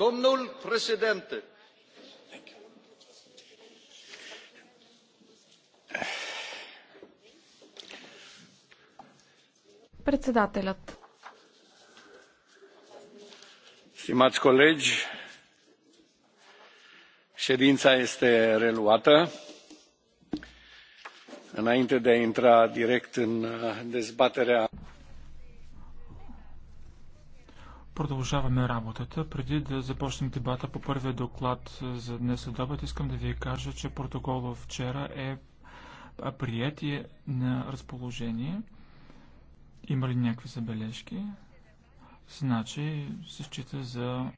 Domnul președinte. Stimați colegi, ședința este reluată. Înainte de a intra direct în dezbaterea Продължаваме работата. Преди да започнем дебата по първия доклад за днес следобед, искам да ви кажа, че протоколът вчера е прият и е на разположение. Има ли някакви забележки? Значи се счита за